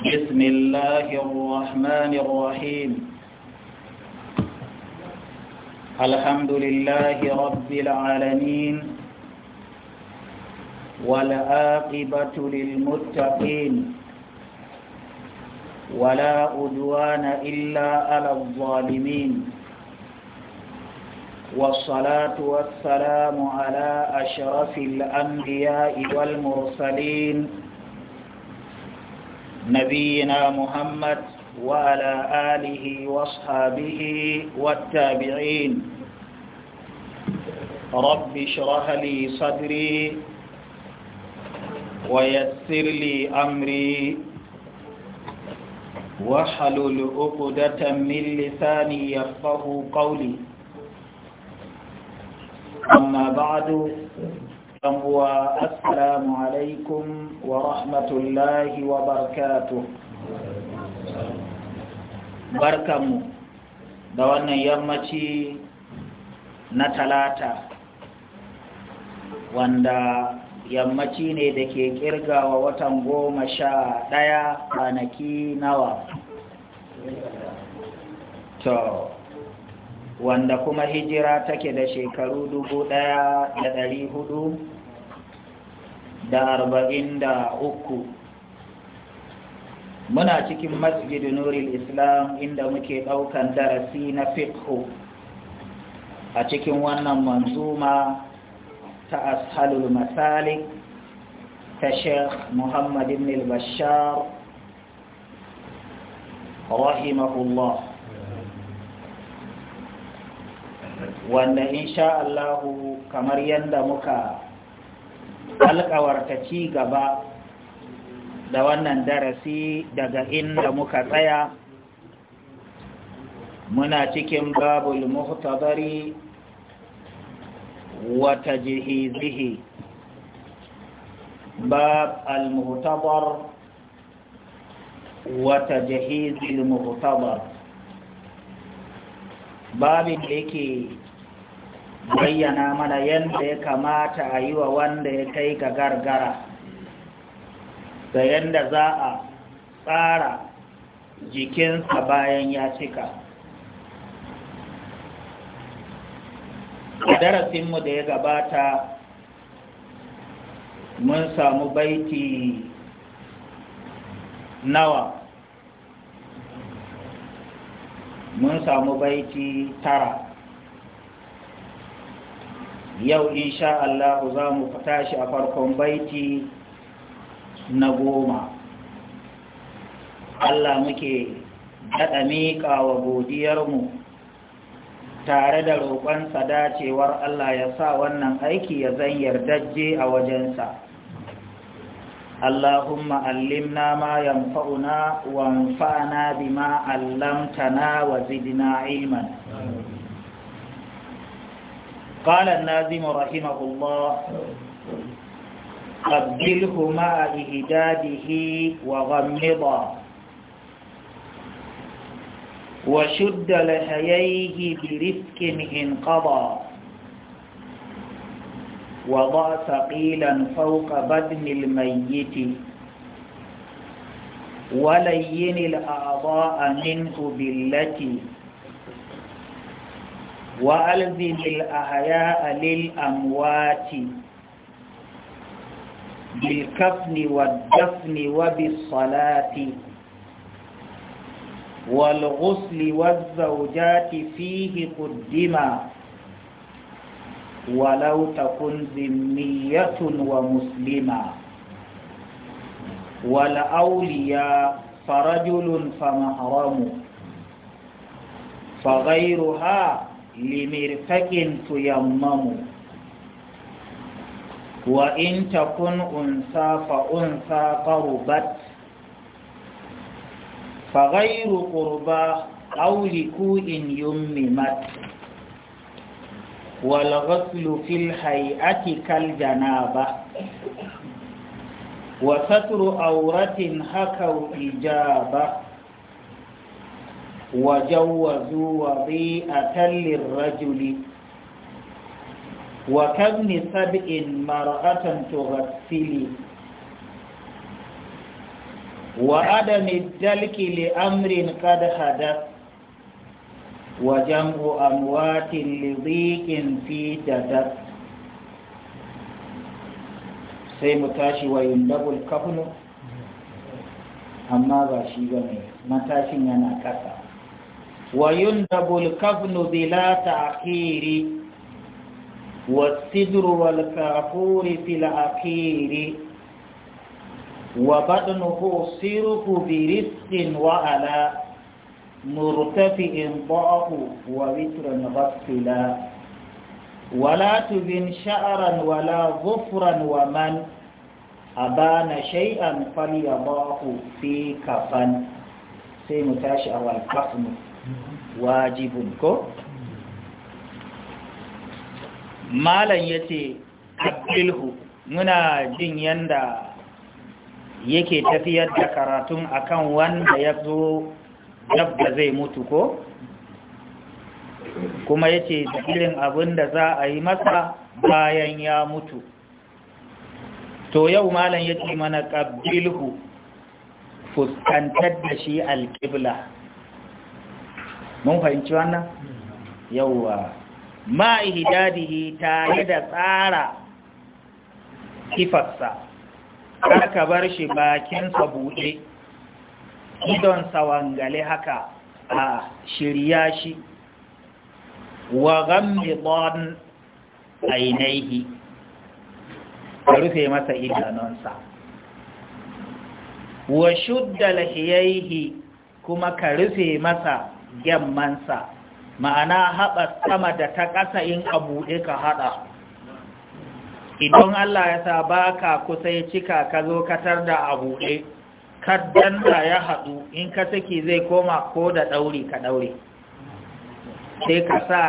بسم الله الرحمن الرحيم الحمد لله رب العالمين والعاقبة للمتقين ولا أدوان إلا على الظالمين والصلاة والسلام على أشرف الأنبياء والمرسلين نبينا محمد وعلى آله وصحابه والتابعين رب اشرح لي صدري ويسر لي أمري وحلل عقدة من لساني يفقه قولي أما بعد uwa assalamu alaikum wa rahmatullahi wa barakatuh barkanmu da wannan yammaci na talata wanda yammaci ne da ke wa watan goma sha ɗaya kwanaki nawa to wanda kuma hijira take da shekaru dubu ɗaya da ɗari hudu da arba'in da uku muna cikin masjid nuril islam inda muke ɗaukan darasi na fiqhu a cikin wannan manzuma ta ashalul masalik ta sheikh muhammad ibn al-bashar rahimahullah wanda insha Allahu kamar yadda muka Alƙawarta ci gaba da wannan darasi daga inda muka tsaya muna cikin babul muhtadari wa jihizihi. bab al muhtabar wa tajhiz muhtabar babin da yake bayyana mana yadda ya kamata a yi wa wanda ya kai ga gargara da yadda za a tsara jikinsa bayan ya cika a darasinmu da ya gabata mun samu baiti nawa mun samu baiti tara yau insha Allah za mu tashi a farkon baiti na goma Allah muke daɗa miƙa wa godiyarmu tare da roƙonsa dacewar Allah ya sa wannan aiki ya zan yardajje a wajensa Allahumma allimna ma yanfa'una wa anfa'na bima allamtana wa zidna ilman قال النازم رحمه الله قبله مع إهداده وغمضا وشد لحييه برفق انقضى وضع ثقيلا فوق بدن الميت ولين الأعضاء منه بالتي وألزم الأحياء للأموات بالكفن والدفن وبالصلاة والغسل والزوجات فيه قدما ولو تكن ذمية ومسلما والأولياء فرجل فمحرم فغيرها limirfaƙin tuyammamu wa in takun unsa fa unsa qarubat fa ghayru qurba aw liku'in yummimat wal ghaslu fil hay'ati kal janaba wa satru awratin hakaw ijaba Wa Jauwa zuwa zai iya tallin rajulin. Wa kan nisab'in mar'atan to gaskeli. Wa adana dalkili amrin kad hadad. Wajen go'an watin liɗe ƙin fi daddad. Sai mu tashi wayan dab'ul ƙafalo. Amma za shi game, mu tashi yana ƙasa. ويندب الكفن بلا تأخير والسدر والكافور في الأخير وبدنه صرف برزق وعلى مرتفع ضعف ووتر غفلا ولا تبن شعرا ولا ظفرا ومن أبان شيئا فليضعه في كفن سيمتاش أو wajibun ko malan yace abdilhu muna jin yanda yake tafiyar da karatun akan wanda ya zo dabba zai mutu ko kuma yace dalilin abinda za a yi masa bayan ya mutu to yau malan yace mana qabbilhu fuskantar da shi alqibla mun fahimci wannan yawwa ma ihdadihi ta da tsara kifarsa kar ka bar shi bakin sa buɗe idan sawangale haka a shirya shi wa gambidon ainihi ka rufe masa idanunsa wa shudda lahiyaihi kuma ka rufe masa gemmansa ma'ana haɓa sama da ta ƙasa in a buɗe ka haɗa idan Allah ya sa ba ka kusa ya cika ka zo katar da a buɗe kaddan da ya haɗu in ka saki zai koma ko da ɗauri ka ɗaure sai ka sa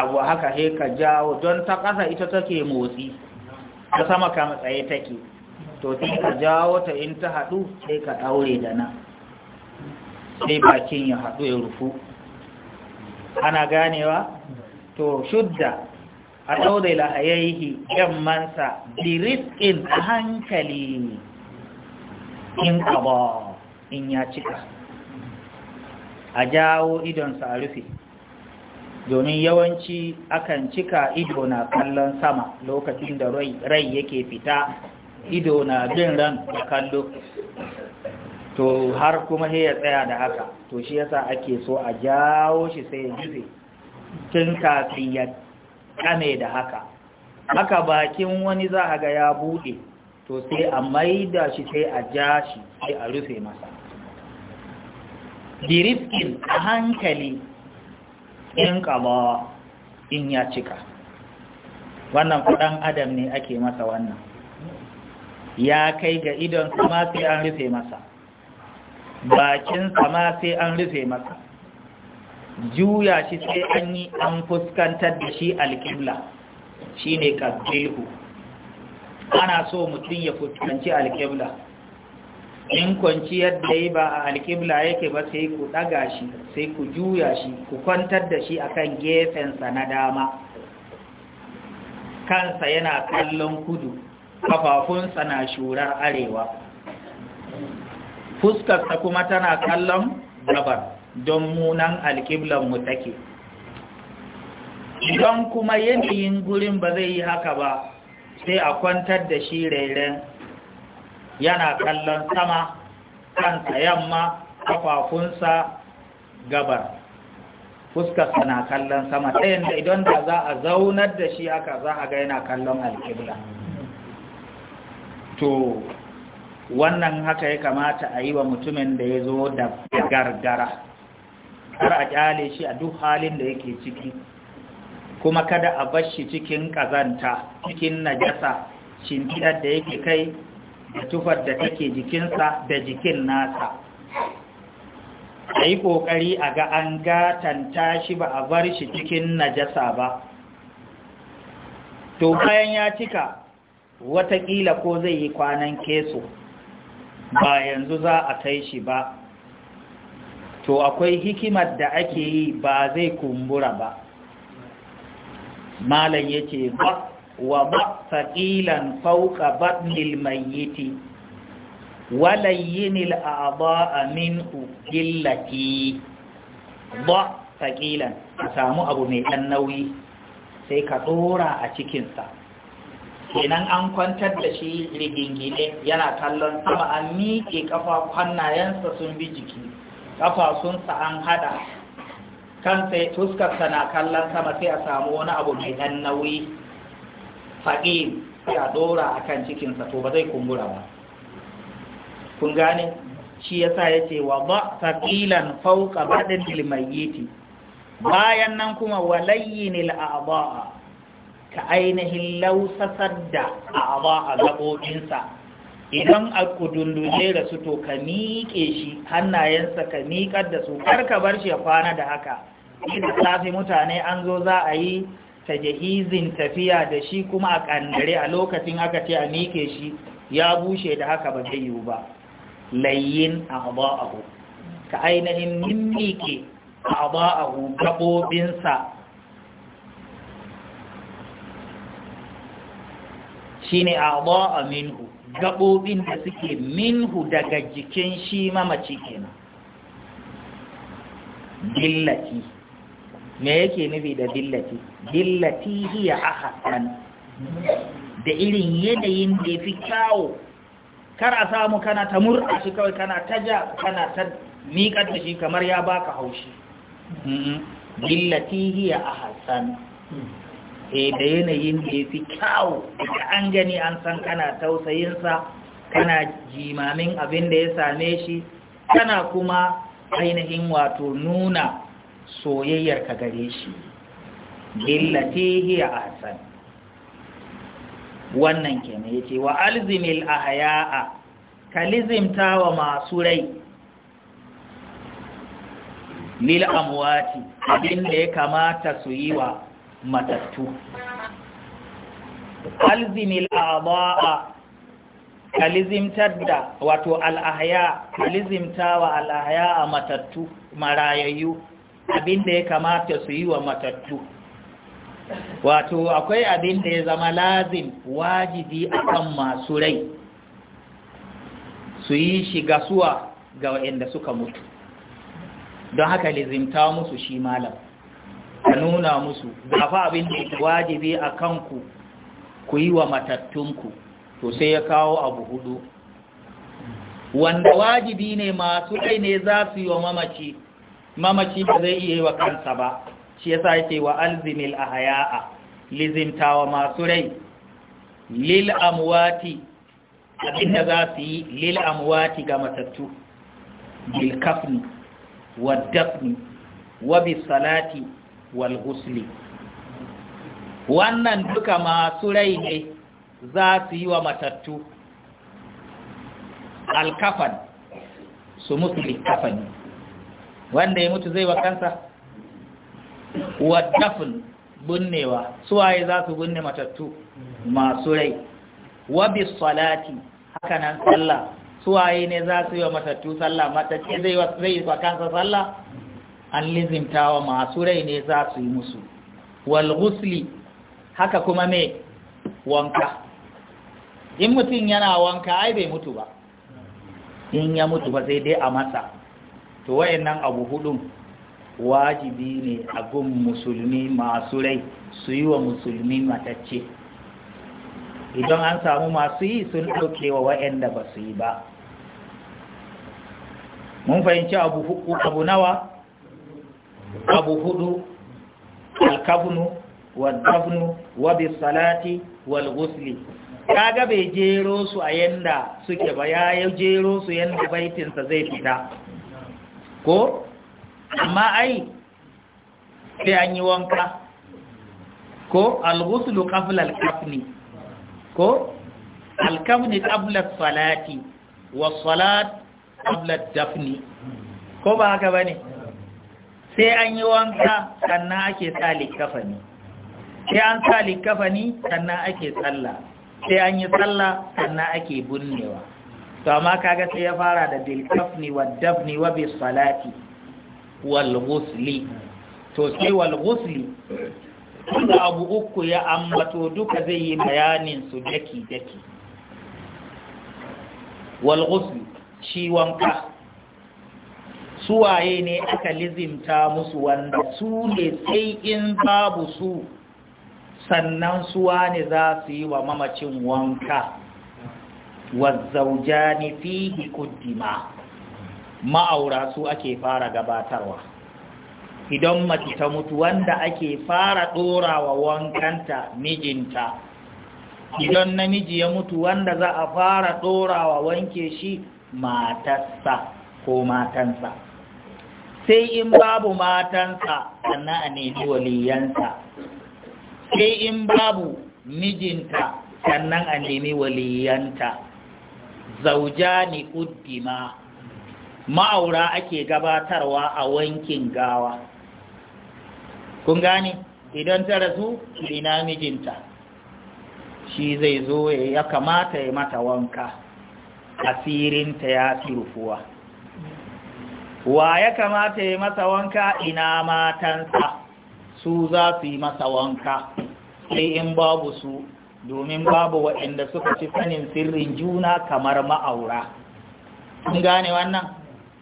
abu haka sai ka jawo don ta ƙasa ita take motsi ta sama ka tsaye take to sai ka jawo ta in ta haɗu sai ka ɗaure da nan sai bakin ya haɗu ya rufu ana ganewa to shudda a ɗauda 'yan yammansa bi riskin hankali in ƙaba in ya cika a jawo idonsa a rufe domin yawanci akan cika ido na kallon sama lokacin da rai yake fita ido na bin ran da kallo to har kuma ya tsaya da haka to shi yasa ake so a jawo shi sai ya jize tun kafin ya kame da haka haka bakin wani za a ga ya buɗe to sai a maida shi sai a ja shi sai a rufe masa dirifkin a hankali in kama in ya cika wannan kudan adam ne ake masa wannan ya kai ga idon kuma sai an rufe masa bakinsa ma sai an rufe masa juya shi sai an yi an fuskantar da shi alƙibla shi ne ƙabilhu ana so mutum ya fuskanci alƙibla in kwanci yadda yi ba a alƙibla yake ba sai ku ɗaga shi sai ku juya shi ku kwantar da shi akan gefensa na dama kansa yana kallon kudu kafafunsa na shurar arewa fuskarsa kuma tana kallon gabar don munan mu take don kuma yanayin gurin ba zai yi haka ba sai a kwantar da shi rairen yana kallon sama kan yamma kafafunsa gabar fuskarsa na kallon sama ta yadda idan da za a zaunar da shi haka za a ga yana kallon alƙibla to wannan haka ya kamata a yi wa mutumin da ya zo da gargara har a kyale shi a duk halin da yake ciki kuma kada a bar shi cikin ƙazanta cikin najasa shimfidar da yake kai da tufar da take jikinsa da jikin nasa a yi ƙoƙari a ga an gatanta shi ba a bar shi cikin najasa ba to bayan ya cika watakila ko zai yi kwanan keso ba yanzu za a kai shi ba to akwai hikimar da ake yi ba zai kumbura ba malam yace ba wa ba faƙilan fawqa ba mayyiti walayyinil a min ƙillaki ba faƙilan a samu abu mai ɗan nauyi sai ka tsora a cikinsa. kenan an kwantar da shi rigingine yana kallon sama an miƙe ƙafa hannayensa sun bi jiki ƙafafunsa an haɗa kansa fuskarsa na kallon sama sai a samu wani abu mai ɗan nauyi faɗi sai a ɗora a kan cikinsa to ba zai kumbura ba kun gane shi ya sa ya ce wa ba faƙilan fauka baɗin ilmayyiti bayan nan kuma walayyin al'aba'a ka ainihin lausasar da a'aba a gaɓoɓinsa idan a kudundune da su to ka miƙe shi hannayensa ka miƙar da su kar ka bar shi ya kwana da haka inda safi mutane an zo za a yi ta jahizin tafiya da shi kuma a ƙandare a lokacin aka ce a miƙe shi ya bushe da haka ba zai yiwu ba layin a ka ainihin mimmiƙe a gaɓoɓinsa shine a minhu gabobin da suke minhu daga jikin shi mamaci kenan billati me yake nufi da billati billati hiya ahsan da irin yanayin da fi kyawo kar a samu kana ta murɗa shi kawai kana ta ja kana ta miƙar da shi kamar ya baka haushi billati hiya ahsan eh da yanayin da ya fi da an gani an san kana tausayinsa kana jimamin abin da ya same shi kana kuma ainihin wato nuna soyayyar ka gare shi billatihi ahsan wannan kenan yace wa alzimil ahya'a kalizimta wa masu rai lil amwati abin da ya kamata su yi wa matattu alzimil a kalizimtar da wato al'ahya kalizimta wa al'ahya a matattu marayayyu abinda ya kamata su yi wa matattu wato akwai abinda ya zama lazim wajibi kan masu rai su yi shiga suwa ga waɗanda suka mutu don haka lizimta musu shi malam ka nuna musu gafa abin da wajibi a kanku ku yi wa matattunku to sai ya kawo abu hudu wanda wajibi ne masu kai ne za su yi wa mamaci mamaci ba zai iya yi wa kansa ba shi yasa yake wa alzimil lizinta lizimtawa masu rai lil amwati abinda za su yi lil amwati ga matattu bil kafni wa dafni wa bisalati wal husli wannan duka masu rai ne za su yi wa matattu alkafan su musu likafani wanda ya mutu zai wa kansa wa binnewa bunnewa suwaye za su bunne matattu masu rai wabi bis salati hakanan sallah suwaye ne za su yi wa matattu sallah matattu zai wa kansa sallah an lizimtawa masu rai ne za su yi musu wal haka kuma me wanka in mutum yana wanka ai bai mutu ba in ya mutu ba sai dai a matsa to wayannan abu hudun wajibi ne a gun musulmi masu rai su yi wa musulmi matacce idan an samu masu yi sun ɗauke wa wayanda ba su yi ba mun fahimci abu nawa abu hudu alkabnu wadabnu wabi salati wal gusli kaga bai jero su a yanda suke ba ya jero su yanda baitinsa zai fita ko amma ai sai an yi wanka ko al-ghuslu qabla kafni ko al-kafni salati wa salat tablet dafni ko ba haka ne? sai an yi wanka sannan ake sa likafani sai an sa likafani sannan ake tsalla sai an yi tsalla sannan ake bunnewa to amma kaga sai ya fara da bilkafni wa dafni wa bi salati wal ghusli to sai wal ghusli da abu uku ya ambato duka zai yi bayanin su daki daki wal ghusli shi wanka suwaye ne aka lizimta musu wanda su ne sai in babu su sannan suwa ne za su yi wa mamacin wanka zaujani fihi kuddima ma'aura su ake fara gabatarwa idan mace ta mutu wanda ake fara ɗorawa wankanta mijinta idan namiji ya mutu wanda za a fara ɗorawa wanke shi matarsa ko matansa sai in babu matansa sannan a nemi waliyansa sai in babu mijinta sannan a nemi waliyanta zaujani uddima ma'aura ake gabatarwa a wankin gawa kun gane idan ta rasu ina mijinta shi zai zo ya kamata ya mata wanka asirinta ya fi rufuwa wa ya kamata ya masa wanka ina matansa su za su yi masa wanka sai in babu su domin babu waɗanda suka ci sanin sirrin juna kamar ma'aura Sun gane wannan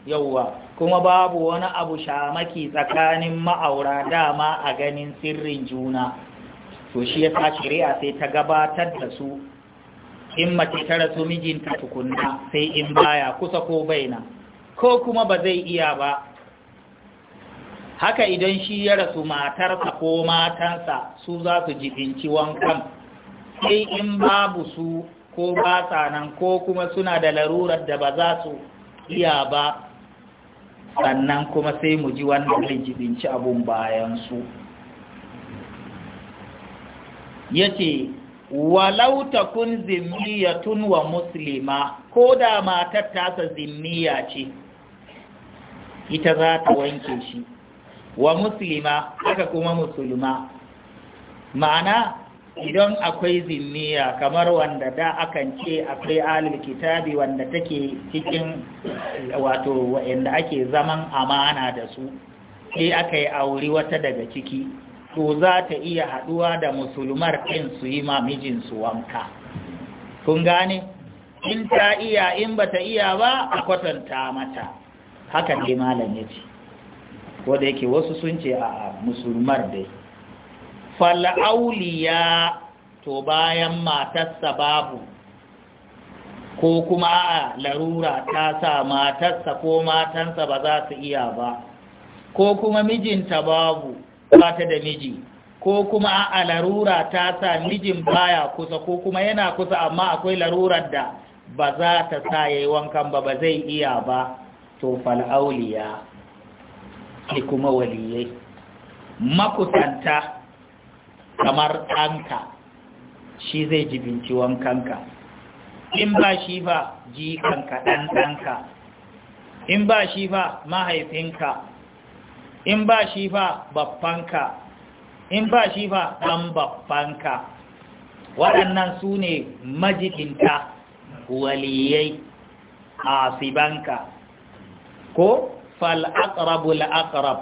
yauwa kuma babu wani abu shamaki tsakanin ma'aura dama a ganin sirrin juna to shi ya sa shari'a sai ta gabatar da su in mace ta rasu mijinta tukunna sai in baya kusa ko bai na. ko kuma ba zai iya ba haka idan shi ya rasu matarsa ko matansa su za su jibinci wankan sai in babu su ko ba nan ko kuma suna da larurar da ba za su iya ba sannan kuma sai mu ji wanda zai jibinci abun bayansu ya ce walau kun zimmiyatun wa muslima ko da matar tasa zimmiya ce ita za ta wanke shi wa musulma haka kuma musulma ma'ana idan akwai zimmiya kamar wanda da akan ce akwai alil kitabi wanda take cikin wato wa'anda ake zaman amana da su sai aka yi auri wata daga ciki to za ta iya haduwa da musulmar ɗin su yi mijinsu wanka kun gane in ta iya in ba ta iya ba a kwatanta mata haka ne malam ya ce ko da yake wasu sun ce a musulmar dai fal'auliya to bayan matarsa babu ko kuma a larura ta sa matarsa ko matansa ba za su iya ba ko kuma mijinta babu ba ta da miji ko kuma a larura ta sa mijin baya kusa ko kuma yana kusa amma akwai larurar da ba za ta sa ya yi wankan ba ba zai iya ba to fal'auliya ne kuma waliyai makusanta kamar ɗanka shi zai jibinci wankanka in ba shi ba jikanka ɗan ɗanka in ba shi ba mahaifinka in ba shi ba babbanka in ba shi ba ɗan babbanka waɗannan su ne majikinta waliyai asibanka ko fal aqrabu la aqrab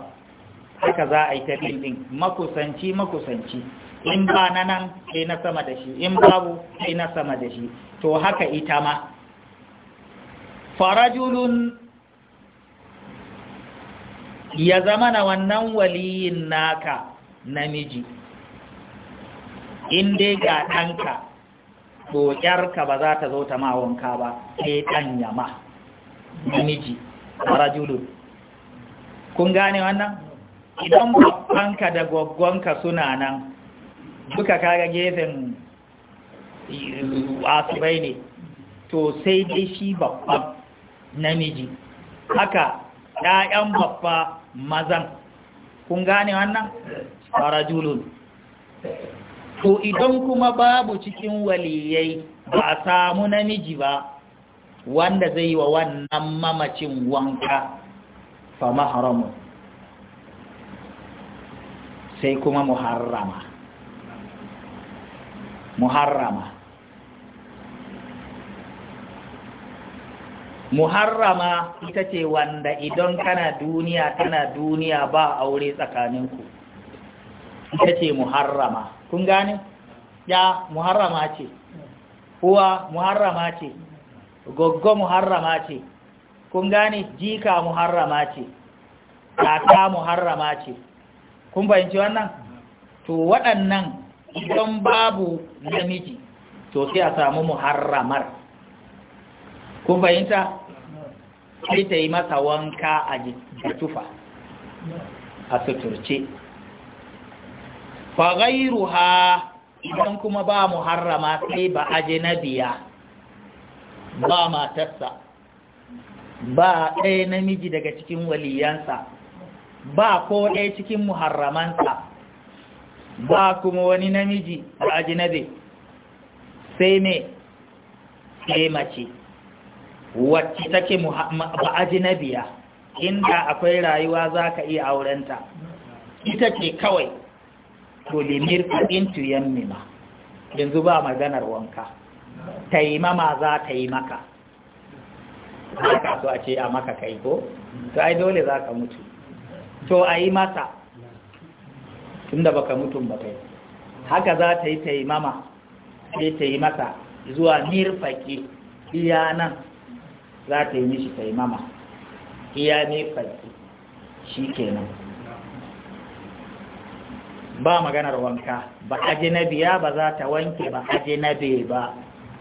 haka za a yi ta din makusanci makusanci in ba na nan sai na sama da shi in babu sai na sama da shi to haka ita ma farajulun ya zama na wannan waliyin naka namiji in dai ga ɗanka to ba za ta zo ta mawonka ba sai ɗan yama namiji rajulun kun gane wannan idan babbanka da gwaggwanka suna nan duka kaga gefen asubai ne to sai dai shi babban namiji haka ɗayan babba mazan kun gane wannan farajulun to idan kuma babu cikin waliyai ba a samu namiji ba wanda zai yi wa wannan mamacin wanka fa maharamu sai kuma muharrama muharrama muharrama ita ce wanda idan kana duniya tana duniya ba aure tsakaninku ita ce muharrama kun gane ya muharrama ce kuwa muharrama ce goggo muharrama ce kun gane jika muharrama ce kaka muharrama ce kun bayanci wannan to waɗannan idan babu namiji to sai a samu muharramar kun bayanta sai ta yi masa wanka a tufa a suturce gairu ha idan kuma ba muharrama sai ba biya. ba matarsa ba ɗaya namiji daga cikin waliyansa ba ko ɗaya cikin muharramansa ba kuma wani namiji da ajinabe sai me sai mace wacce take ba ajinabiya inda akwai rayuwa za ka iya aurenta ita ce kawai to limir faɗin tuyan yanzu ba maganar wanka taimama za ta yi maka ka so a ce a maka kai ko to ai dole za ka mutu to a yi masa tun ba baka mutum ba kai haka za ta yi taimama sai ta yi masa zuwa nirfaki, iya nan za ta yi mishi taimama iya nirfaki, shi kenan ba maganar wanka ba biya ba za ta wanke ba biya ba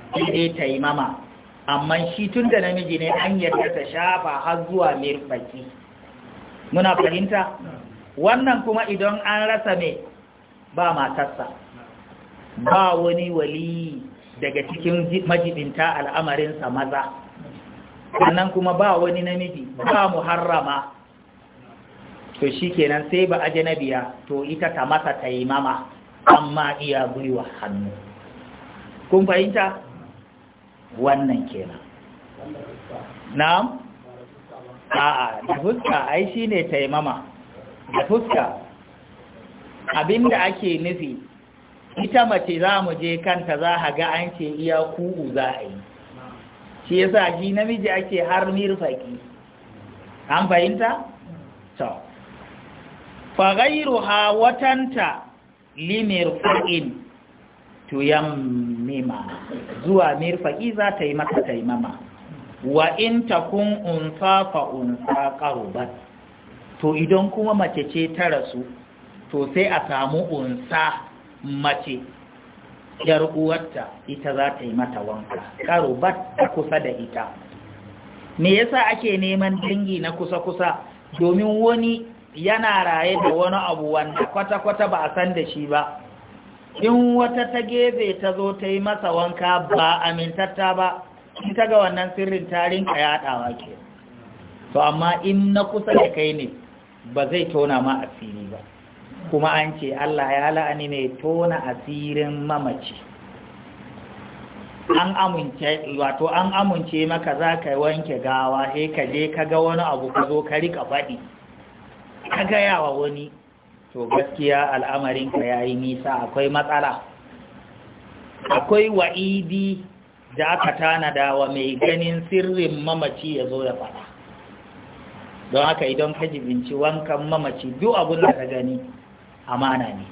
sai dai ta yi mama amma shi tun da namiji ne an yarda ta shafa har zuwa mirfaki muna fahimta wannan kuma idan an rasa mai ba matarsa ba wani wali daga cikin majibinta al'amarinsa maza sannan kuma ba wani namiji ba muharrama to shi kenan sai ba na biya. to ita ta masa ta yi mama amma iya gwiwa hannu kun fahimta wannan kenan na'am a'a da fuska ai shine taimama da fuska abinda ake nufi ita mace za mu je kanta za a ga an ce iya ku'u za a yi shi yasa ji namiji ake har mirfaki an fahimta? to fagairu ha watanta limirfakin tuyam zuwa mirfaƙi za ta yi mata taimama wa in takun unsa fa unsa qarubat to idan kuma mace ce ta rasu to sai a samu unsa mace yar uwarta ita za ta yi mata wanka qarubat ta kusa da ita me yasa ake neman dangi na kusa kusa domin wani yana raye da wani abu wanda kwata kwata ba a san da shi ba in wata ta gefe ta zo ta yi masa wanka ba amintatta ba in ta ga wannan sirrin tarin ka yaɗawa ke to amma in na kusa da kai ne ba zai tona ma asiri ba kuma an ce Allah ya la'ani mai tona asirin mamaci an amince wato an amince maka za ka wanke gawa sai ka je ka ga wani abu ka zo ka riƙa faɗi ka gaya wa wani to gaskiya al'amarinka ya yi nisa akwai matsala akwai wa'idi da aka tanada wa mai ganin sirrin mamaci ya zo ya faɗa don haka idan ka jibinci wankan mamaci duk abin da ka gani amana ne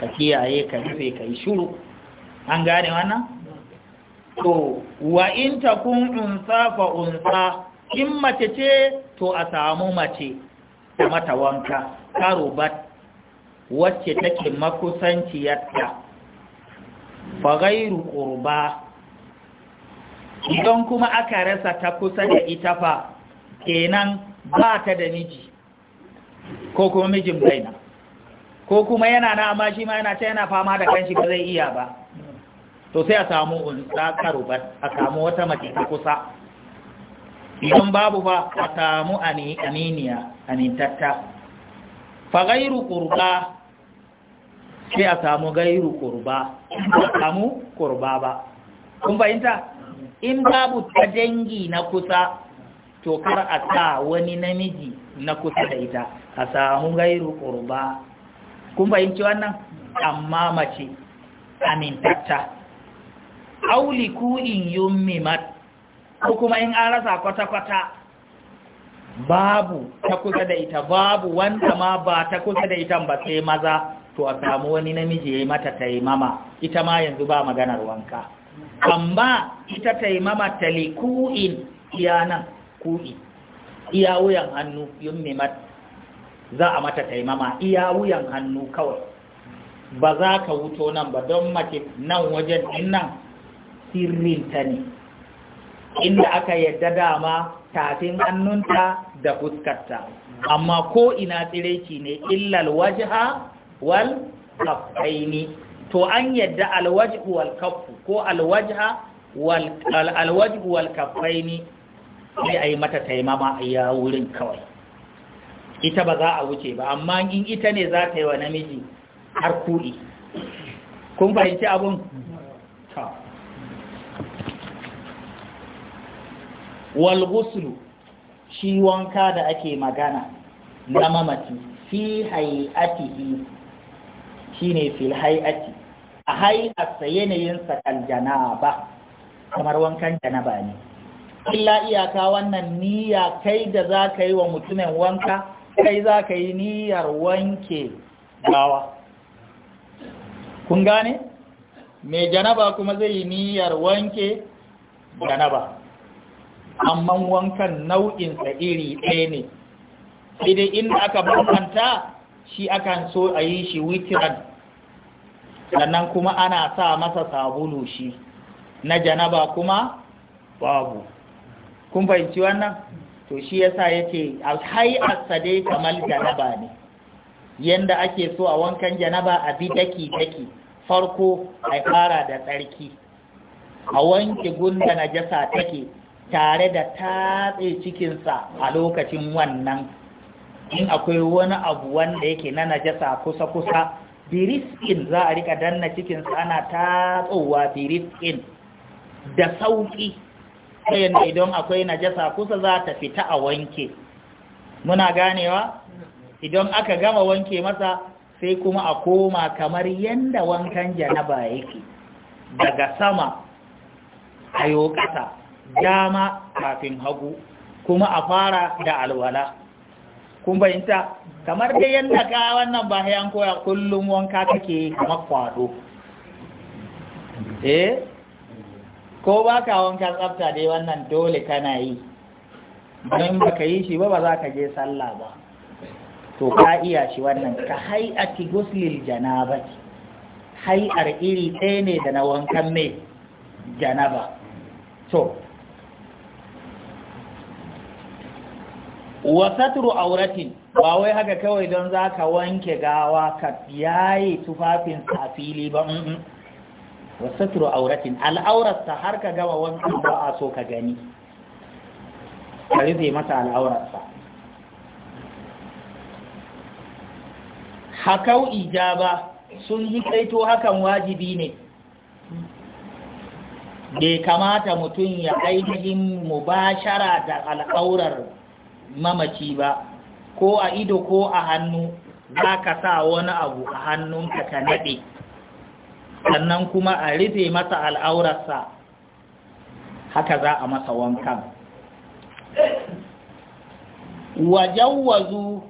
ka kiyaye ka rufe ka yi shuru an gane wannan? to wa in takun unsa fa unsa in mace ce to a samu mace ta mata wanka karubat wacce take makusanciyarta fa gairu qurba idan kuma aka rasa ta kusa da ita fa kenan ba ta da miji ko kuma mijin baina ko kuma yana na amma shi ma yana ta yana fama da kanshi ba zai iya ba to sai a samu unsa karubat a samu wata mace ta kusa idan babu ba a samu aminiya amintatta fa gairu kurba sai a samu gairu kurba a samu kurba ba kun fahimta in babu ta dangi na kusa to kar a sa wani namiji na kusa da ita a samu gairu kurba kun fahimci wannan amma mace amintatta auli yi yummimat ko kuma in an rasa kwata-kwata babu ta kusa da ita babu wanda ma ba ta kusa da ita ba sai maza to a samu wani namiji ya yi mata taimama ita ma yanzu ba maganar wanka amma ita taimama tali ku'in iya nan ku'i iya wuyan hannu yummimat za a mata taimama iya wuyan hannu kawai ba za ka wuto nan ba don mace nan wajen nan sirrinta ne inda aka yadda dama tafin hannunta da fuskarta amma ko ina tsireki ne illal wajha wal kafaini to an yadda alwajhu wal kaffu ko alwajha wal alwajhu wal kafaini sai ayi mata taimama ya wurin kawai ita ba za a wuce ba amma in ita ne za ta yi wa namiji har kuɗi kun fahimci abun mm. ta wal shi wanka da ake magana na mamaci fi hay'atihi shine fil hay'ati a hay'arsa yanayin sakal janaba kamar wankan janaba ne illa iyaka wannan niyya kai da za ka yi wa mutumin wanka kai za ka yi niyyar wanke gawa kun gane mai janaba kuma zai yi niyyar wanke janaba amma wankan nau'insa iri ɗaya ne sai dai inda aka bambanta shi akan so a yi shi witiran sannan kuma ana sa masa sabulu shi na janaba kuma babu kun fahimci wannan to shi yasa yake alhai'arsa dai kamar janaba ne yanda ake so a wankan janaba a bi daki-daki farko a fara da tsarki a wanke gunda jasa take tare da tatse cikinsa a lokacin wannan in akwai wani abu wanda yake na najasa kusa-kusa birisin za a rika danna cikinsa ana tatsowa birisin da sauƙi sai da idan akwai najasa kusa za ta fita a wanke muna ganewa idan aka gama wanke masa sai kuma a koma kamar yadda wankan janaba yake daga sama a ƙasa dama kafin hagu kuma a fara da alwala kun fahimta kamar da yadda ka wannan ba koya kullum wanka kake kamar kwado eh ko ba ka wanka tsafta dai wannan dole kana yi don ba ka yi shi ba ba za ka je sallah ba to ka iya shi wannan ka hai'ati guslil janabati hai'ar iri ɗaya ne da na wankan mai ba to wasatru auratin ba wai haka kawai don za ka wanke gawa ka yaye tufafin a fili ba wasatru auratin al'aurarsa har ka gama wankan ba a so ka gani ka rufe masa al'aurarsa hakau ijaba sun yi kaito hakan wajibi ne bai kamata mutum ya ainihin mubashara da al'aurar mamaci ba ko a ido ko a hannu za ka sa wani abu a hannunka ka naɗe sannan kuma a rufe masa al'aurarsa haka za a masa wankan Wajen wazu,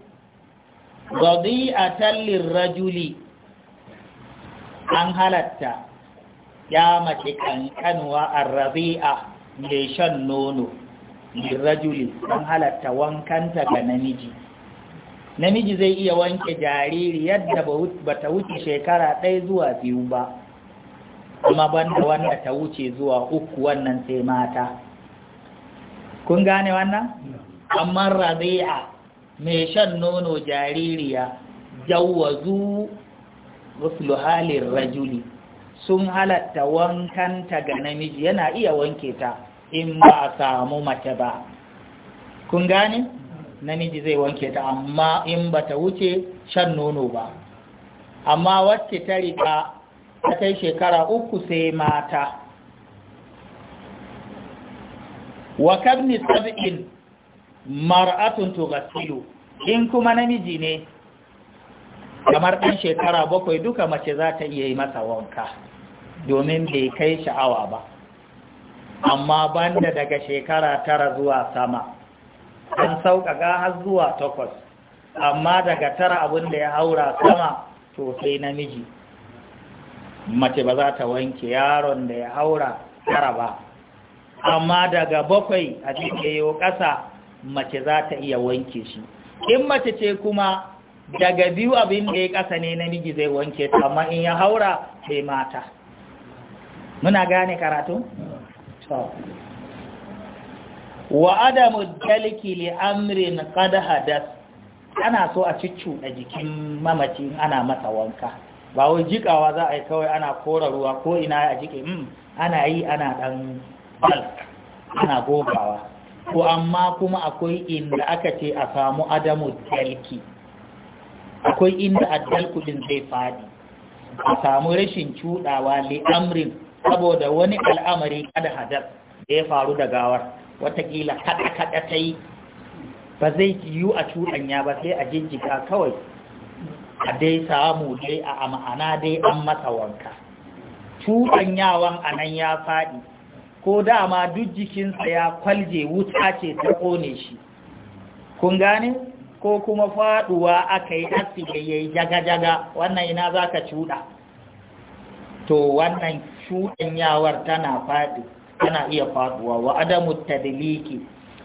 a tallin rajuli an halatta ya mace a rabi'a mai shan nono lirajuli don halatta wankanta ga namiji namiji zai iya wanke jariri yadda ba ta wuce shekara ɗaya zuwa biyu ba kuma banda wanda ta wuce zuwa uku wannan sai mata kun gane wannan amma rabi'a mai shan nono jaririya jawazu ruslu halin rajuli sun halatta wankanta ga namiji yana iya wanke ta in ba a samu mace ba kun gane namiji zai wanke ta amma in ba ta wuce shan nono ba amma wacce ta riƙa ta kai shekara uku sai mata wa kabni sab'in mar'atun tughsilu in kuma namiji ne kamar ɗan shekara bakwai duka mace za ta iya yi masa wanka domin bai kai sha'awa ba amma banda daga shekara tara zuwa sama an sauƙaƙa har zuwa takwas amma daga tara abin da ya haura sama to sai namiji mace ba za ta wanke yaron da ya haura tara ba amma daga bakwai a cikin yau ƙasa mace za ta iya wanke shi in mace ce kuma daga biyu abin da ya ƙasa ne namiji zai wanke ta amma in ya haura sai mata muna gane karatu? wa adamu dalki li amrin qad hadas ana so a ciccu da jikin mamaci ana masa wanka ba wai jikawa za a yi kawai ana kora ruwa ko ina a jike mm ana yi ana dan ana gogawa ko amma kuma akwai inda aka ce a samu adamu dalki akwai inda addalku din zai fadi a samu rashin cuɗawa li amrin saboda wani al'amari kada hadar da ya faru da gawar watakila kada-kada ta yi ba zai yiwu a cuɗanya ba sai a jijjika kawai a dai samu dai a ma'ana dai an masa wanka cuɗanyawan a nan ya faɗi ko dama duk jikinsa ya kwalje wuta ce ta ƙone shi kun gane ko kuma faɗuwa aka yi asibiyai jaga-jaga wannan ina za ka cuɗa to wannan cuɗanyawar tana faɗi ana iya faɗuwa wa adamu tadiliki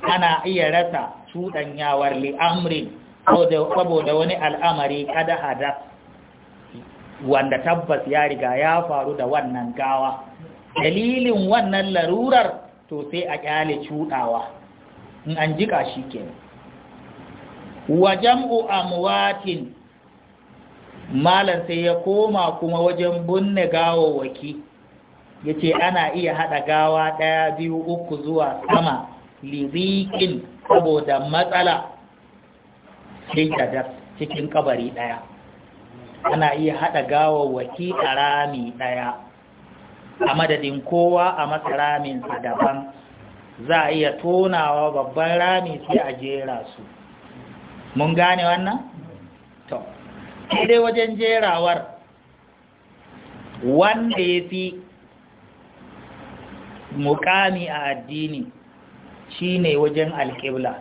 ana iya rasa cuɗanyawar li'amrin saboda wani al'amari kada hada wanda tabbas ya riga ya faru da wannan gawa dalilin wannan larurar to sai a kyale cuɗawa in an jika shi kenan wa jam'u amwatin sai ya koma kuma wajen bunne gawawaki ya ce ana iya haɗa gawa ɗaya biyu uku zuwa sama lirikin saboda matsala da cikin kabari ɗaya ana iya haɗa waki a rami ɗaya a madadin kowa a masa raminsa daban za a iya tonawa babban rami sai a jera su mun gane wannan? to dai wajen jerawar wanda ya fi mukami a addini shine wajen alƙibla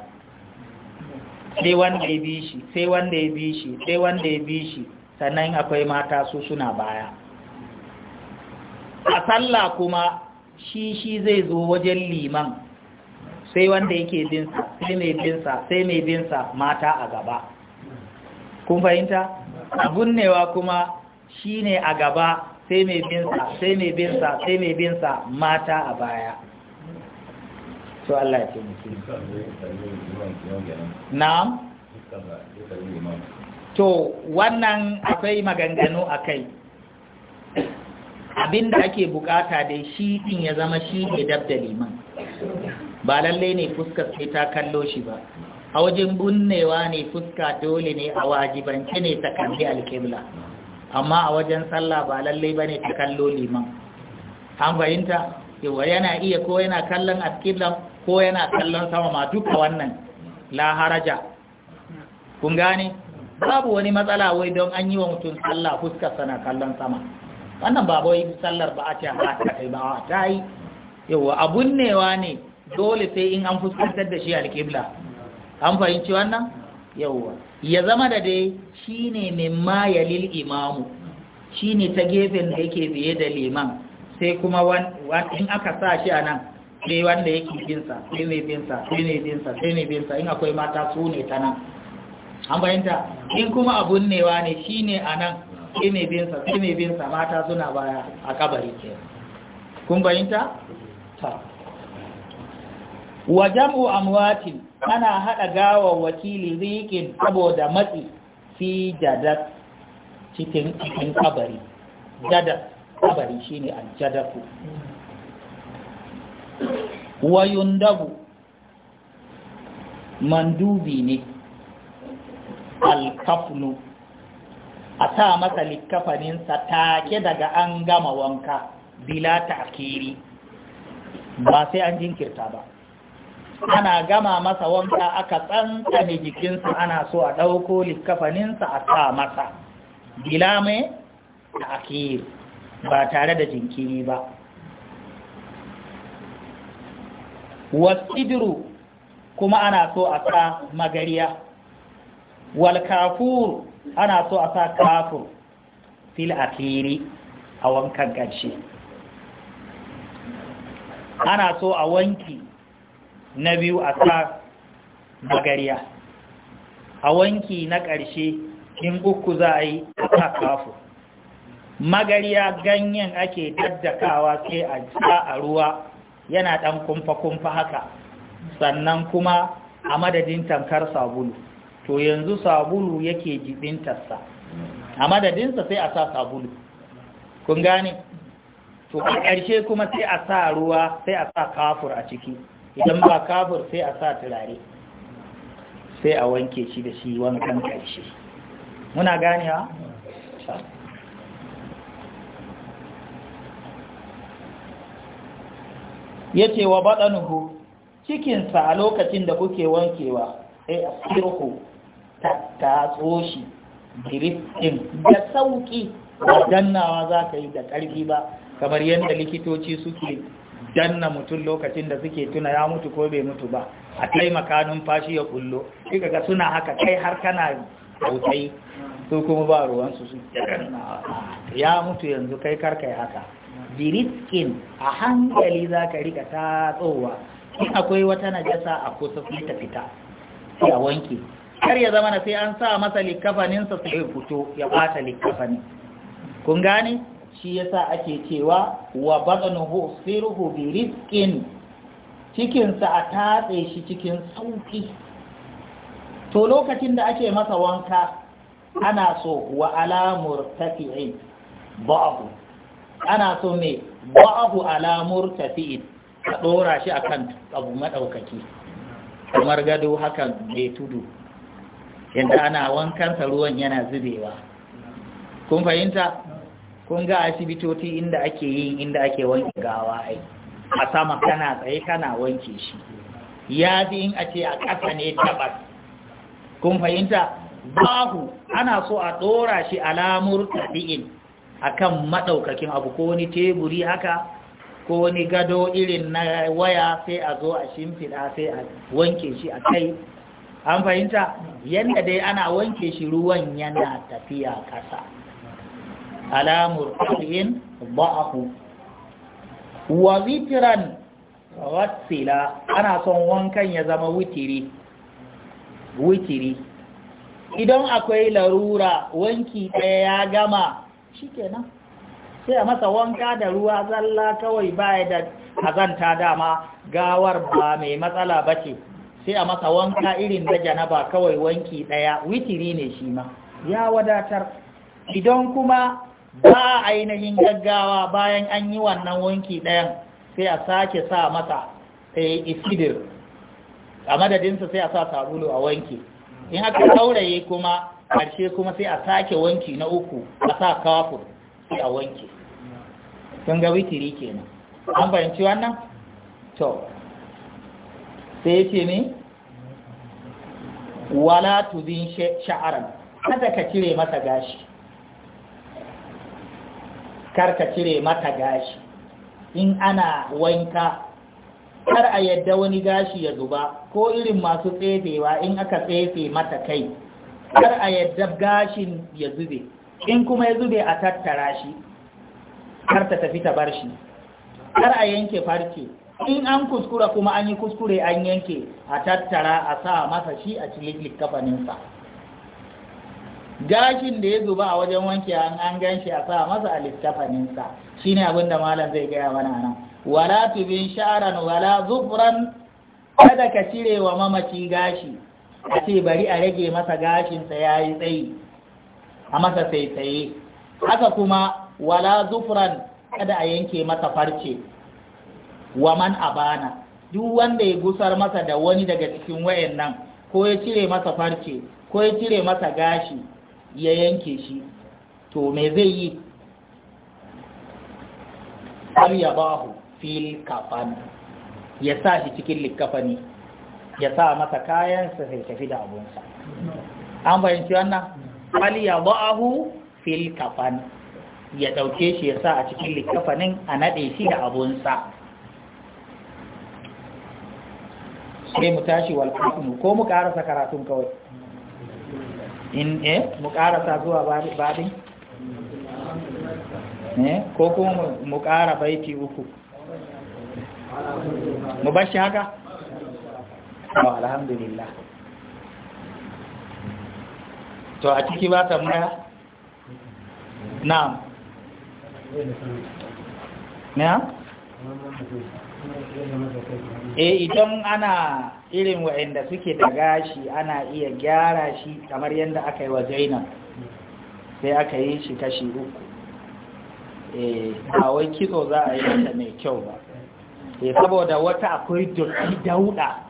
sai wanda ya bi shi sai wanda ya bi shi sai wanda ya bi shi sannan akwai mata su suna baya a sallah kuma shi shi zai zo wajen liman sai wanda yake binsa sai mai binsa sai mai binsa mata a gaba kun fahimta gunnewa kuma shi ne a gaba sai mai binsa sai mai binsa sai mai binsa mata a baya to Allah ya taimake na'am to wannan akwai maganganu a akai abinda ake bukata da shi din ya zama shi ne dab da liman ba lalle ne fuskar sai ta kallo shi ba a wajen bunnewa ne fuska dole ne a wajibance ne ta kalli alkibla amma a wajen sallah ba lalle ne ta kallo liman an fahimta yawa yana iya ko yana kallon askillan ko yana kallon sama ma duka wannan laharaja haraja kun gane babu wani matsala wai don an yi wa mutum sallah fuskar sana kallon sama wannan ba bai sallar ba a ce ta kai ba ta yi yawa abunnewa ne dole sai in an fuskantar da shi alƙibla an fahimci wannan yawwa ya zama da dai shi ne mimma yalil imamu ne ta gefen da yake biye da liman sai kuma in aka sa shi a nan sai wanda yake binsa sai mai binsa sai mai binsa sai mai binsa in akwai mata su ne ta nan an bayanta in kuma abun newa ne shi ne a nan sai mai binsa sai mai binsa mata suna baya a kabari ke kun bayanta? ta wa jam'u amwatin ana haɗa gawa wakili rikin saboda matsi fi jadar cikin cikin kabari jadar kabari shine aljadaku wa yundabu mandubi ne alkafnu a sa masa likafaninsa take daga an gama wanka bila takiri ba sai an jinkirta ba ana gama masa wanka aka tsantsane jikinsa ana so a ɗauko likafaninsa a sa masa gila mai da ake ba tare da jinkiri ba wasidiru kuma ana so a sa magariya walkafur ana so a sa kafur fil akiri a wankan ƙarshe ana so a wanki na biyu a sa magariya a wanki na ƙarshe in uku za a yi a sa kafu magariya ganyen ake daddakawa sai a sa a ruwa yana ɗan kumfa-kumfa haka sannan kuma a madadin tankar sabulu to yanzu sabulu yake jibintarsa a madadinsa sai a sa sabulu kun gane to a ƙarshe kuma sai a sa ruwa sai a sa kafur a ciki idan ba kafir sai a sa turare sai a wanke shi da shi wankan ƙarshe muna gane ha? ya ce wa baɗanuhu cikinsa a lokacin da kuke wankewa sai a sirku tattatso shi girifin da sauƙi dannawa za ka yi da ƙarfi ba kamar yadda likitoci suke danna mutum lokacin da suke tuna ya mutu ko bai mutu ba a taimaka fashi ya kullo sai ga suna haka kai har kana kautai su kuma ba ruwansu su ya mutu yanzu kai kar haka biritkin a hankali za ka rika tatsowa in akwai wata najasa a kusa su ta fita Ya wanke kar ya zama na sai an sa masa likafaninsa su fito ya bata likkafanin kun gane shi yasa ake cewa wa badanuhu sirhu bi rizqin cikinsa a tatse shi cikin sauki to lokacin da ake masa wanka ana so wa alamur tafi'in ba'ahu ana so ne ba'ahu alamur tafi'in a ɗora shi akan abu maɗaukaki kamar gado hakan mai tudu Idan ana sa ruwan yana zubewa kun fahimta kun ga asibitoci inda ake yi inda ake wanke gawa ai a sama kana tsaye kana wanke shi ya fi in a ce a ƙasa ne tabbas kun fahimta bahu ana so a ɗora shi alamur tafi'in kan maɗaukakin abu ko wani teburi haka ko wani gado irin na waya sai a zo a shimfiɗa sai a wanke shi a kai an fahimta yadda dai ana wanke shi ruwan yana tafiya ƙasa alamu murtahin ba'ahu wa witiran watsila ana son wankan ya zama witiri witiri idan akwai larura wanki ɗaya ya gama shikenan sai a masa wanka da ruwa zalla kawai baya da hazanta dama gawar ba mai matsala bace sai a masa wanka irin da janaba kawai wanki ɗaya witiri ne shi ma ya wadatar idan kuma ba ainihin gaggawa bayan an yi wannan wanki ɗayan sai a sake sa masa eh, isidir a madadinsa sai a sa sabulu a wanki in aka sauraye kuma ƙarshe kuma sai a sake wanki na uku a sa kafin sai a wanki sun ga witiri kenan an bayanci wannan? to sai ce ne wala tuzin sha'aran kada ka cire masa gashi karka cire mata gashi in ana wanka kar a yadda wani gashi ya zuba ko irin masu tsefewa in aka tsefe mata kai kar a yadda gashin ya zube in kuma ya zube a tattara shi kar ta tafi ta bar shi kar a yanke farce in an kuskura kuma an yi kuskure an yanke a tattara a sa masa shi a cikin kafaninsa gashin da ya zuba a wajen wanke an gan shi a sa masa a littafaninsa shi ne abin da malam zai gaya mana nan wala tubin Sharan, wala zufran kada ka cire wa mamaci gashi a ce bari a rage masa gashinsa ya yi tsayi a masa tsaitsaye haka kuma wala zufran kada a yanke masa farce wa man abana duk wanda ya gusar masa da wani daga cikin wayannan ko ya cire masa farce ko ya cire masa gashi ya yanke shi to me zai yi har ya bahu fil kafan ya sa shi cikin likafani ya sa masa kayansa sai tafi da abunsa an bayanci wannan fal ya bahu fil kafan ya dauke shi ya sa a cikin likafanin a nade shi da abunsa sai mu tashi walƙafinu ko mu karasa karatun kawai in eh mu karasa zuwa baɗin eh ko kuma mu ƙara baiti uku mu shi haka alhamdulillah to a ciki ba ta muna na'am na'am eh idan ana irin wa'anda suke da gashi ana iya gyara shi kamar yadda aka yi wa zainab sai aka yi shi kashi uku e eh, a wai kitso za a yi mata mai kyau ba e saboda wata akwai dukki dauda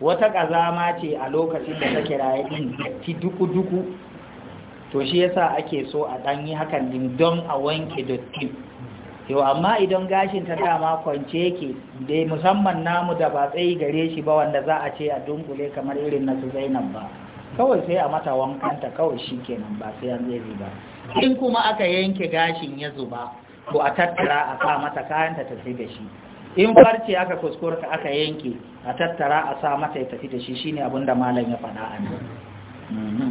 wata kazama ce a lokacin da take raye din ti duku-duku to shi yasa ake so a dan yi hakan din don a wanke dutse. to amma idan gashin ta dama kwance yake da musamman namu da ba tsayi gare shi ba wanda za a ce a dunkule kamar irin na su zainab ba kawai sai a mata wankanta kawai shi kenan ba sai an zai ba in kuma aka yanke gashin ya zuba to a tattara a sa mata kayanta ta tafi da shi in farce aka kuskurta aka yanke a tattara a sa mata ya tafi da shi shine abin da malam ya faɗa a nan mm-hmm.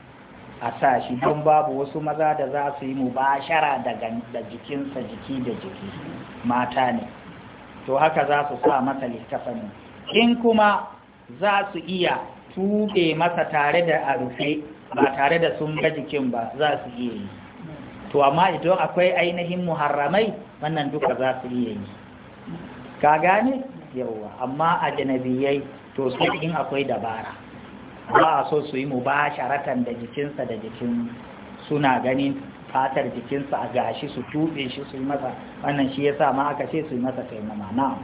a sa shi don babu wasu maza da za su yi mubashara da jikinsa jiki da jiki mata ne to haka za su sa masa littafani in kuma za su iya tuɓe masa tare da a rufe ba tare da sun ga jikin ba za su iya yi to amma idan akwai ainihin muharramai wannan duka za su iya yi ka gane yauwa amma a janabiyai to sai in akwai dabara ba a so su yi mu ba sharatan da jikinsa da jikin suna ganin fatar jikinsa a gashi su tuɓe shi su yi masa wannan shi ya sa ma aka ce su yi masa taimama na'am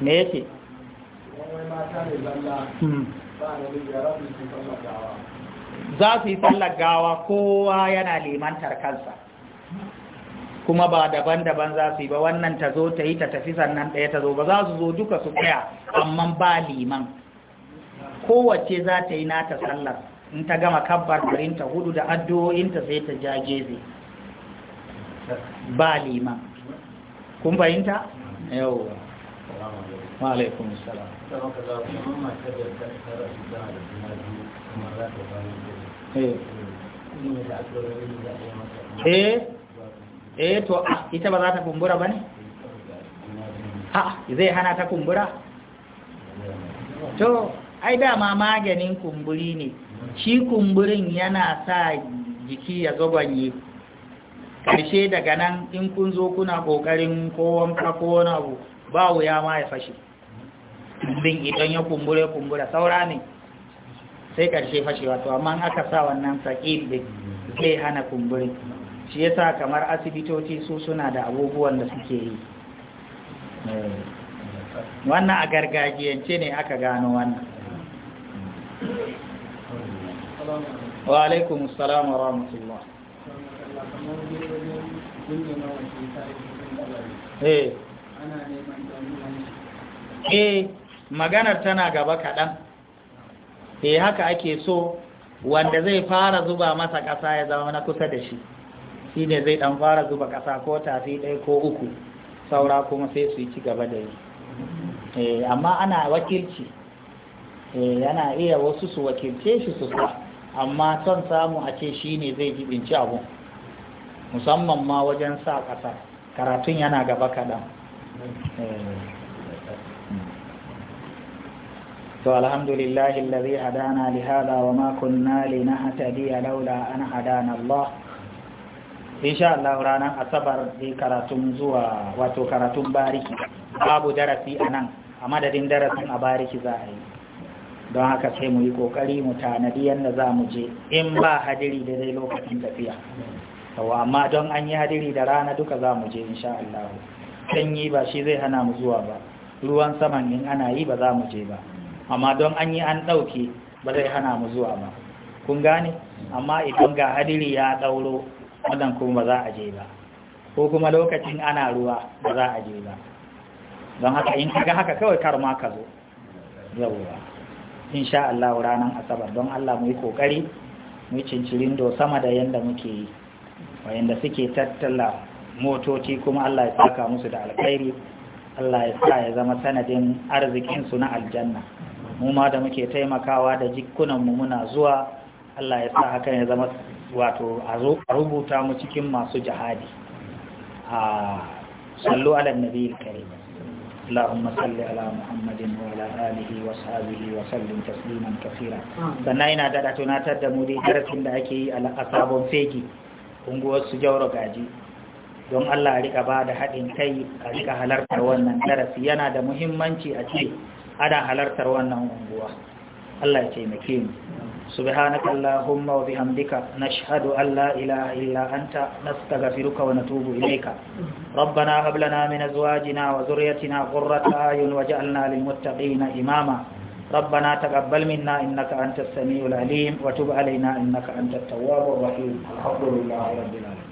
me yake hmm. za su yi sallar gawa kowa yana limantar kansa kuma ba daban-daban za su yi ba wannan ta zo ta yi ta tafi sannan ɗaya ta zo ba za su zo duka su tsaya amma ba liman kowace za ta yi nata sallar in ta gama kabbar ta hudu da addu'o'inta sai ta ja geze ba liman kun fahimta? yau ma alaikun eh, eh. eh to ah, ita ba za ta kumbura ba ne? ha zai hana ta kumbura? to ai dama maganin kumburi ne shi kumburin yana sa jiki ya zogonye Karshe daga nan in kun zo kuna ƙoƙarin kowon na abu ba wuya ma ya fashe bin idan ya kumbura kumbura saura ne sai karshe fashewa to amma aka sa wannan saƙi da zai hana kumburin shi yasa kamar asibitoci su suna da abubuwan da suke yi wannan a gargajiyance ne aka gano wannan wa alaikum salam wa rahmatullah eh eh maganar tana gaba kaɗan eh haka ake so wanda zai fara zuba masa ƙasa ya zama na kusa da shi shi ne zai ɗan fara zuba ƙasa ko tafi ɗaya ko uku saura kuma sai su yi ci gaba da yi eh, amma ana wakilci eh, yana iya wasu su wakilce shi su sa amma son samu a ce shi ne zai jibinci abu musamman ma wajen sa ƙasa karatun yana gaba kaɗan eh, to alhamdulillahi alladhi hadana li hada wa ma kunna linahtadiya laula an hadana Allah insha Allah ranar asabar da karatun zuwa wato karatun bariki babu darasi a nan a madadin darasin a bariki za a yi don haka sai mu yi kokari mu tanadi yadda za mu je in ba hadiri da dai lokacin tafiya yawa amma don an yi hadiri da rana duka za mu je insha Allah sanyi ba shi zai hana mu zuwa ba ruwan saman in ana yi ba za mu je ba amma don an yi an ɗauke ba zai hana mu zuwa ba kun gane amma idan ga hadiri ya ɗauro wannan kuma ba za a je ba ko kuma lokacin ana ruwa ba za a je ba don haka in kaga haka kawai kar ma ka zo yawwa insha Allah ranar asabar don Allah mu yi kokari mu cincirin do sama da yanda muke yi wayanda suke tattala motoci kuma Allah ya saka musu da alkhairi Allah ya sa ya zama sanadin arzikinsu na aljanna mu ma da muke taimakawa da mu muna zuwa Allah ya sa hakan ya zama wato a rubuta mu cikin masu jihadi a sallu ala nabi karim اللهم wa على محمد وعلى آله وصحبه وسلم تسليما كثيرا sannan ina da tunatar da mu dai darasin da ake yi a sabon fegi unguwar su jauro gaji don Allah rika ba da haɗin kai a rika halartar wannan darasi yana da muhimmanci a ce ana halartar wannan unguwa Allah ya taimake mu subhanaka allahumma wa bihamdika nashhadu an la ilaha illa anta nastaghfiruka wa natubu ilayka rabbana hab lana min azwajina wa dhurriyyatina qurrata ayun waj'alna lil muttaqina imama ربنا تقبل منا انك انت السميع العليم وتب علينا انك انت التواب الرحيم الحمد لله رب العالمين